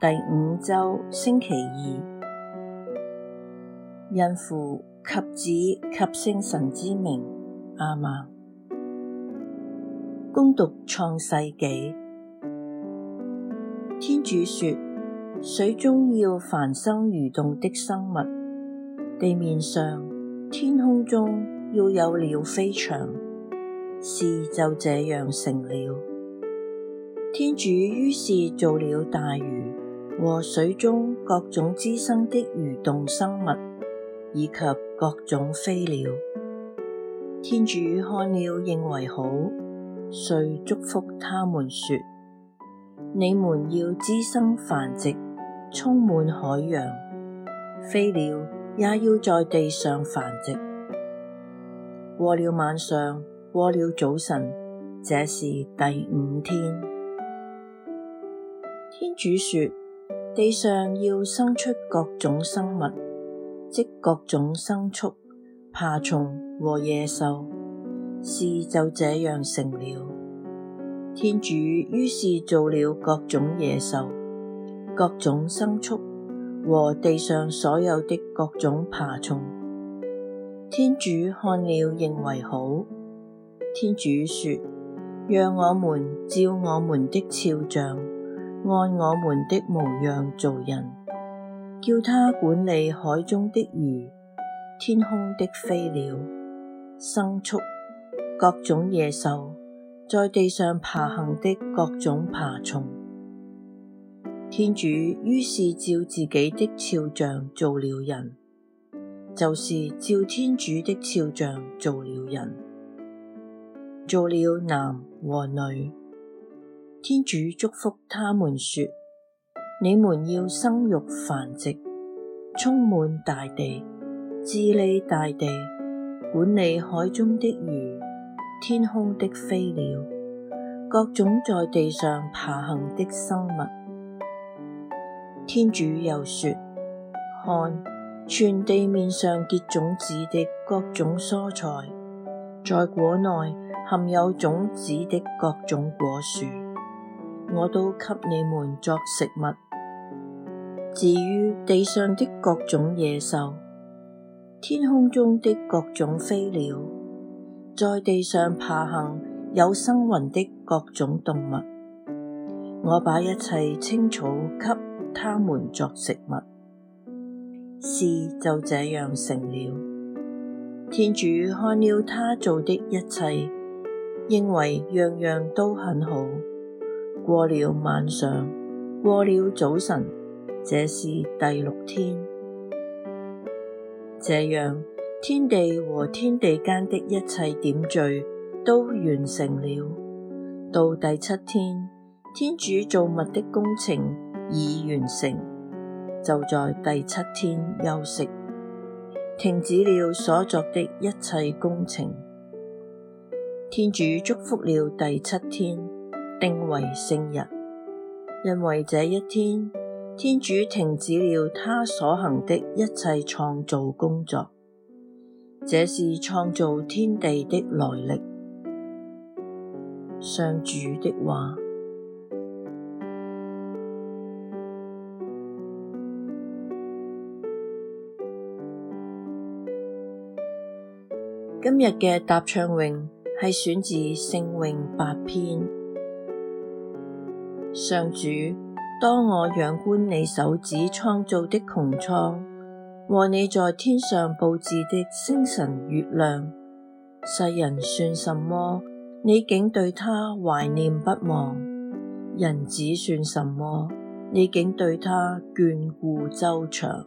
第五周星期二，因父及子及聖神之名，阿們，恭讀創世紀。天主說：水中要繁生蠕動的生物，地面上、天空中要有鳥飛翔。事就這樣成了。天主於是造了大魚。和水中各種孳生的蠕動生物，以及各種飛鳥，天主看了認為好，遂祝福他們說：你們要孳生繁殖，充滿海洋；飛鳥也要在地上繁殖。過了晚上，過了早晨，這是第五天。天主說。地上要生出各種生物，即各種牲畜、爬蟲和野獸，事就這樣成了。天主於是造了各種野獸、各種牲畜和地上所有的各種爬蟲。天主看了，認為好。天主說：讓我們照我們的肖像。按我們的模樣造人，叫他管理海中的魚、天空的飛鳥、牲畜、各種野獸，在地上爬行的各種爬蟲。天主於是照自己的肖像造了人，就是照天主的肖像造了人，造了男和女。天主祝福他們，說：你們要生育繁殖，充滿大地，治理大地，管理海中的魚，天空的飛鳥，各種在地上爬行的生物。天主又說：看，全地面上結種子的各種蔬菜，在果內含有種子的各種果樹。我都給你們作食物。至於地上的各種野獸、天空中的各種飛鳥、在地上爬行有生魂的各種動物，我把一切青草給他們作食物。事就這樣成了。天主看了他造的一切，認為樣樣都很好。過了晚上，過了早晨，這是第六天。這樣，天地和天地間的一切點綴都完成了。到第七天，天主造物的工程已完成，就在第七天休息，停止了所作的一切工程。天主祝福了第七天，定為聖日，因為這一天，天主停止了他所行的一切創造工作，這是創造天地的來歷。上主的話，今日嘅答唱詠係選自聖詠八篇。上主，當我仰觀你手指創造的穹蒼，和你在天上布置的星辰月亮，世人算什麼？你竟對他懷念不忘；人子算什麼？你竟對他眷顧周詳。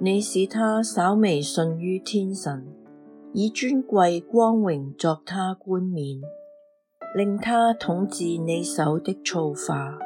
你使他稍微遜於天神。以尊貴光榮作他冠冕，令他統治你手的造化，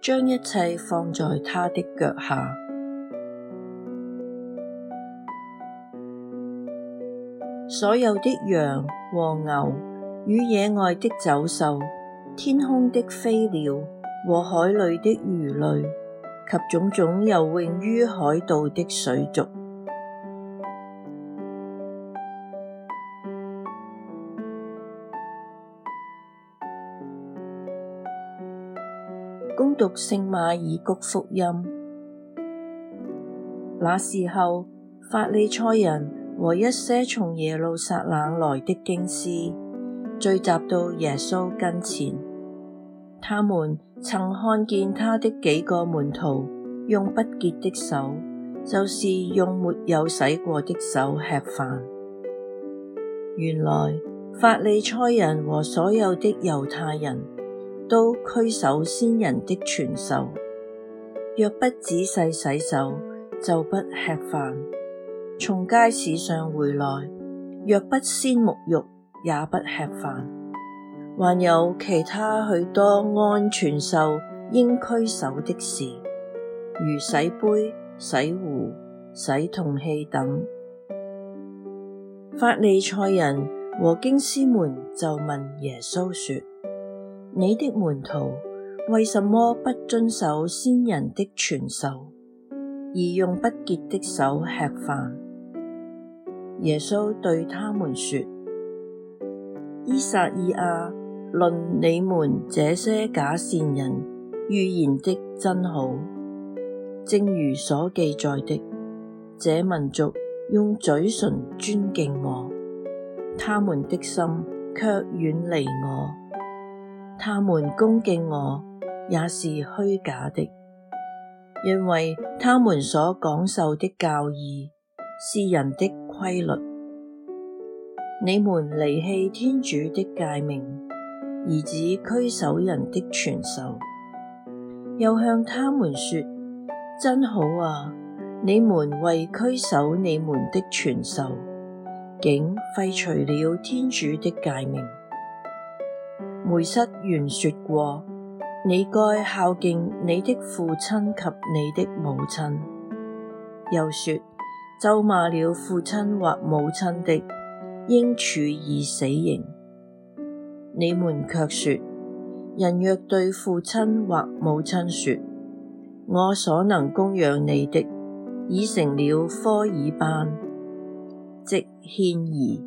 將一切放在他的腳下。所有的羊和牛與野外的走獸、天空的飛鳥和海裏的魚類及種種游泳於海道的水族。聖馬爾谷福音。那時候，法利塞人和一些從耶路撒冷來的經師聚集到耶穌跟前。他們曾看見他的幾個門徒用不潔的手，就是用沒有洗過的手吃飯。原來，法利塞人和所有的猶太人。都拘守先人的傳授，若不仔細洗手，就不吃飯；從街市上回來，若不先沐浴，也不吃飯。還有其他許多按傳授應拘守的事，如洗杯、洗壺、洗銅器等。法利賽人和經師們就問耶穌說。你的門徒為什麼不遵守先人的傳授，而用不潔的手吃飯？耶穌對他們說：依撒意亞論你們這些假善人，預言的真好，正如所記載的，這民族用嘴唇尊敬我，他們的心卻遠離我。他們恭敬我，也是虛假的，因為他們所講授的教義，是人的規律。你們離棄天主的誡命，而只拘守人的傳授。又向他們說：真好啊，你們為拘守你們的傳授，竟廢除了天主的誡命。梅瑟原說過：你該孝敬你的父親及你的母親。又說：咒罵了父親或母親的，應處以死刑。你們卻說：人若對父親或母親說：我所能供養你的，已成了科爾班，即獻儀，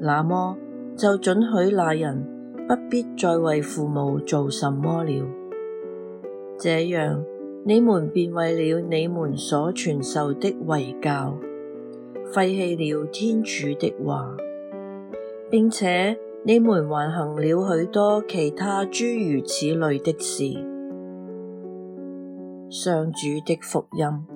那麼就准許那人，不必再為父母做什麼了，這樣你們便為了你們所傳授的遺教，廢棄了天主的話，並且你們還行了許多其他諸如此類的事。上主的福音。